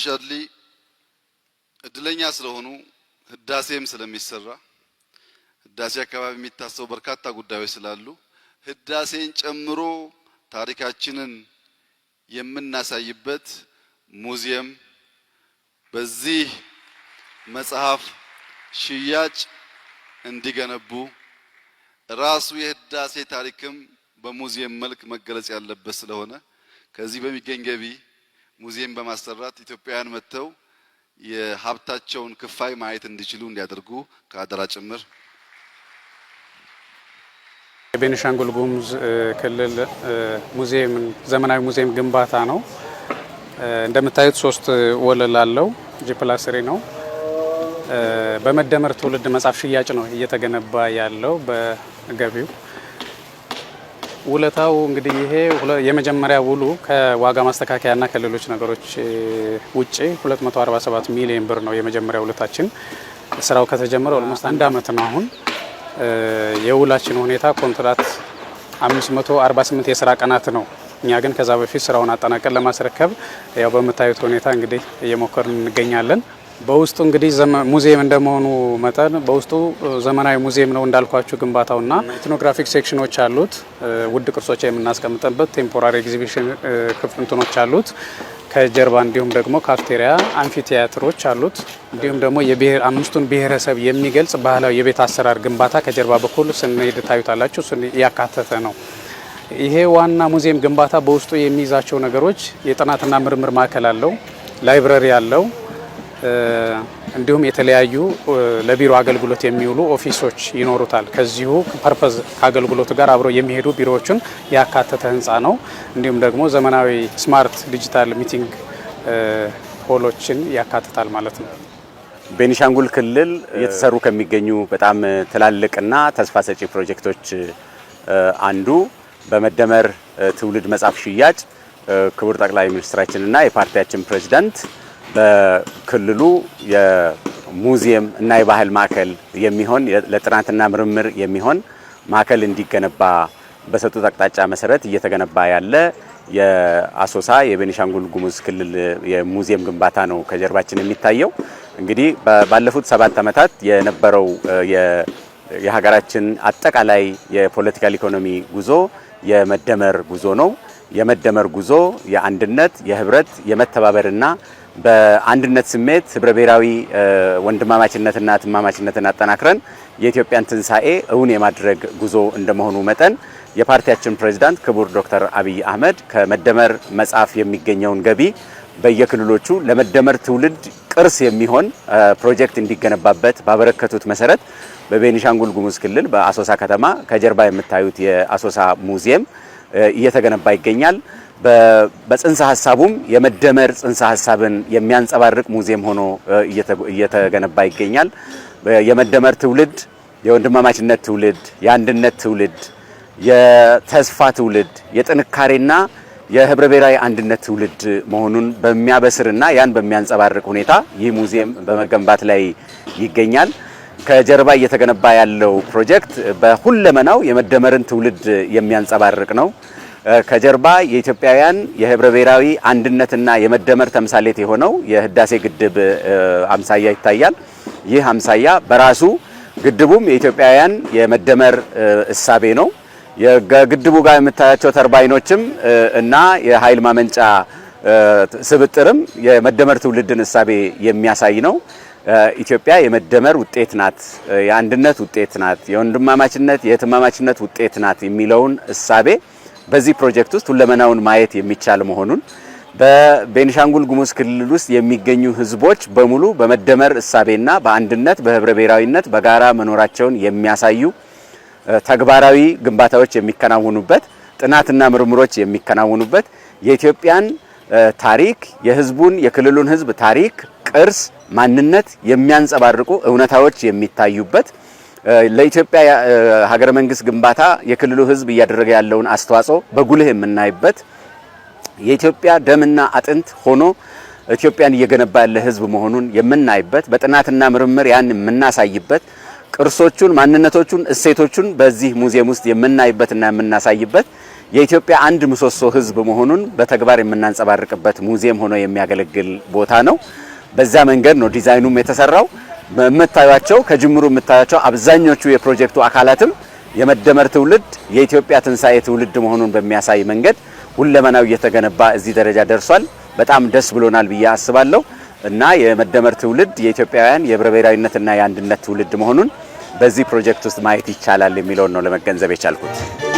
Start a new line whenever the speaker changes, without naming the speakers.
አሻድሊ እድለኛ ስለሆኑ ህዳሴም ስለሚሰራ ህዳሴ አካባቢ የሚታሰቡ በርካታ ጉዳዮች ስላሉ ህዳሴን ጨምሮ ታሪካችንን የምናሳይበት ሙዚየም በዚህ መጽሐፍ ሽያጭ እንዲገነቡ ራሱ የህዳሴ ታሪክም በሙዚየም መልክ መገለጽ ያለበት ስለሆነ ከዚህ በሚገኝ ገቢ ሙዚየም በማሰራት ኢትዮጵያውያን መጥተው የሀብታቸውን ክፋይ ማየት እንዲችሉ እንዲያደርጉ ከአደራ ጭምር
የቤኒሻንጉል ጉሙዝ ክልል ሙዚየም ዘመናዊ ሙዚየም ግንባታ ነው። እንደምታዩት ሶስት ወለል አለው። ጂፕላስ ነው። በመደመር ትውልድ መጽሐፍ ሽያጭ ነው እየተገነባ ያለው በገቢው ውለታው እንግዲህ ይሄ የመጀመሪያ ውሉ ከዋጋ ማስተካከያና ከሌሎች ነገሮች ውጭ 247 ሚሊዮን ብር ነው የመጀመሪያ ውለታችን። ስራው ከተጀመረ ኦልሞስት አንድ አመት ነው አሁን። የውላችን ሁኔታ ኮንትራት 548 የስራ ቀናት ነው። እኛ ግን ከዛ በፊት ስራውን አጠናቀን ለማስረከብ ያው በምታዩት ሁኔታ እንግዲህ እየሞከርን እንገኛለን። በውስጡ እንግዲህ ሙዚየም እንደመሆኑ መጠን በውስጡ ዘመናዊ ሙዚየም ነው እንዳልኳችሁ ግንባታውና ኢትኖግራፊክ ሴክሽኖች አሉት። ውድ ቅርሶች የምናስቀምጥበት ቴምፖራሪ ኤግዚቢሽን ክፍልንትኖች አሉት። ከጀርባ እንዲሁም ደግሞ ካፍቴሪያ፣ አምፊቲያትሮች አሉት። እንዲሁም ደግሞ አምስቱን ብሔረሰብ የሚገልጽ ባህላዊ የቤት አሰራር ግንባታ ከጀርባ በኩል ስንሄድ ታዩታላችሁ። እሱን ያካተተ ነው። ይሄ ዋና ሙዚየም ግንባታ በውስጡ የሚይዛቸው ነገሮች የጥናትና ምርምር ማዕከል አለው፣ ላይብረሪ አለው እንዲሁም የተለያዩ ለቢሮ አገልግሎት የሚውሉ ኦፊሶች ይኖሩታል። ከዚሁ ፐርፐዝ ከአገልግሎቱ ጋር አብረው የሚሄዱ ቢሮዎችን ያካተተ ህንፃ ነው። እንዲሁም ደግሞ ዘመናዊ ስማርት ዲጂታል ሚቲንግ ሆሎችን ያካትታል ማለት ነው።
ቤኒሻንጉል ክልል እየተሰሩ ከሚገኙ በጣም ትላልቅና ተስፋ ሰጪ ፕሮጀክቶች አንዱ በመደመር ትውልድ መጽሐፍ ሽያጭ ክቡር ጠቅላይ ሚኒስትራችንና የፓርቲያችን ፕሬዚዳንት በክልሉ የሙዚየም እና የባህል ማዕከል የሚሆን ለጥናትና ምርምር የሚሆን ማዕከል እንዲገነባ በሰጡት አቅጣጫ መሰረት እየተገነባ ያለ የአሶሳ የቤኒሻንጉል ጉሙዝ ክልል የሙዚየም ግንባታ ነው ከጀርባችን የሚታየው። እንግዲህ ባለፉት ሰባት ዓመታት የነበረው የሀገራችን አጠቃላይ የፖለቲካል ኢኮኖሚ ጉዞ የመደመር ጉዞ ነው። የመደመር ጉዞ የአንድነት፣ የህብረት፣ የመተባበርና በአንድነት ስሜት ህብረ ብሔራዊ ወንድማማችነትና ትማማችነትን አጠናክረን የኢትዮጵያን ትንሣኤ እውን የማድረግ ጉዞ እንደመሆኑ መጠን የፓርቲያችን ፕሬዝዳንት ክቡር ዶክተር አብይ አህመድ ከመደመር መጽሐፍ የሚገኘውን ገቢ በየክልሎቹ ለመደመር ትውልድ ቅርስ የሚሆን ፕሮጀክት እንዲገነባበት ባበረከቱት መሰረት በቤኒሻንጉል ጉሙዝ ክልል በአሶሳ ከተማ ከጀርባ የምታዩት የአሶሳ ሙዚየም እየተገነባ ይገኛል። በጽንሰ ሀሳቡም የመደመር ጽንሰ ሀሳብን የሚያንጸባርቅ ሙዚየም ሆኖ እየተገነባ ይገኛል። የመደመር ትውልድ፣ የወንድማማችነት ትውልድ፣ የአንድነት ትውልድ፣ የተስፋ ትውልድ፣ የጥንካሬና የህብረ ብሔራዊ አንድነት ትውልድ መሆኑን በሚያበስርና ያን በሚያንጸባርቅ ሁኔታ ይህ ሙዚየም በመገንባት ላይ ይገኛል። ከጀርባ እየተገነባ ያለው ፕሮጀክት በሁለመናው የመደመርን ትውልድ የሚያንጸባርቅ ነው። ከጀርባ የኢትዮጵያውያን የህብረ ብሔራዊ አንድነትና የመደመር ተምሳሌት የሆነው የህዳሴ ግድብ አምሳያ ይታያል። ይህ አምሳያ በራሱ ግድቡም የኢትዮጵያውያን የመደመር እሳቤ ነው። ከግድቡ ጋር የምታያቸው ተርባይኖችም እና የኃይል ማመንጫ ስብጥርም የመደመር ትውልድን እሳቤ የሚያሳይ ነው። ኢትዮጵያ የመደመር ውጤት ናት፣ የአንድነት ውጤት ናት፣ የወንድማማችነት የእህትማማችነት ውጤት ናት የሚለውን እሳቤ በዚህ ፕሮጀክት ውስጥ ሁለመናውን ማየት የሚቻል መሆኑን በቤኒሻንጉል ጉሙዝ ክልል ውስጥ የሚገኙ ህዝቦች በሙሉ በመደመር እሳቤና በአንድነት በህብረ ብሔራዊነት በጋራ መኖራቸውን የሚያሳዩ ተግባራዊ ግንባታዎች የሚከናወኑበት ጥናትና ምርምሮች የሚከናወኑበት የኢትዮጵያን ታሪክ የህዝቡን የክልሉን ህዝብ ታሪክ ቅርስ፣ ማንነት የሚያንጸባርቁ እውነታዎች የሚታዩበት ለኢትዮጵያ ሀገረ መንግስት ግንባታ የክልሉ ህዝብ እያደረገ ያለውን አስተዋጽኦ በጉልህ የምናይበት የኢትዮጵያ ደምና አጥንት ሆኖ ኢትዮጵያን እየገነባ ያለ ህዝብ መሆኑን የምናይበት በጥናትና ምርምር ያን የምናሳይበት ቅርሶቹን፣ ማንነቶቹን፣ እሴቶቹን በዚህ ሙዚየም ውስጥ የምናይበትና የምናሳይበት የኢትዮጵያ አንድ ምሰሶ ህዝብ መሆኑን በተግባር የምናንጸባርቅበት ሙዚየም ሆኖ የሚያገለግል ቦታ ነው። በዛ መንገድ ነው ዲዛይኑም የተሰራው። የምታዩቸው ከጅምሩ የምታዩቸው አብዛኞቹ የፕሮጀክቱ አካላትም የመደመር ትውልድ የኢትዮጵያ ትንሣኤ ትውልድ መሆኑን በሚያሳይ መንገድ ሁለመናው እየተገነባ እዚህ ደረጃ ደርሷል። በጣም ደስ ብሎናል ብዬ አስባለሁ እና የመደመር ትውልድ የኢትዮጵያውያን የህብረ ብሔራዊነትና የአንድነት ትውልድ መሆኑን በዚህ ፕሮጀክት ውስጥ ማየት ይቻላል የሚለውን ነው ለመገንዘብ የቻልኩት።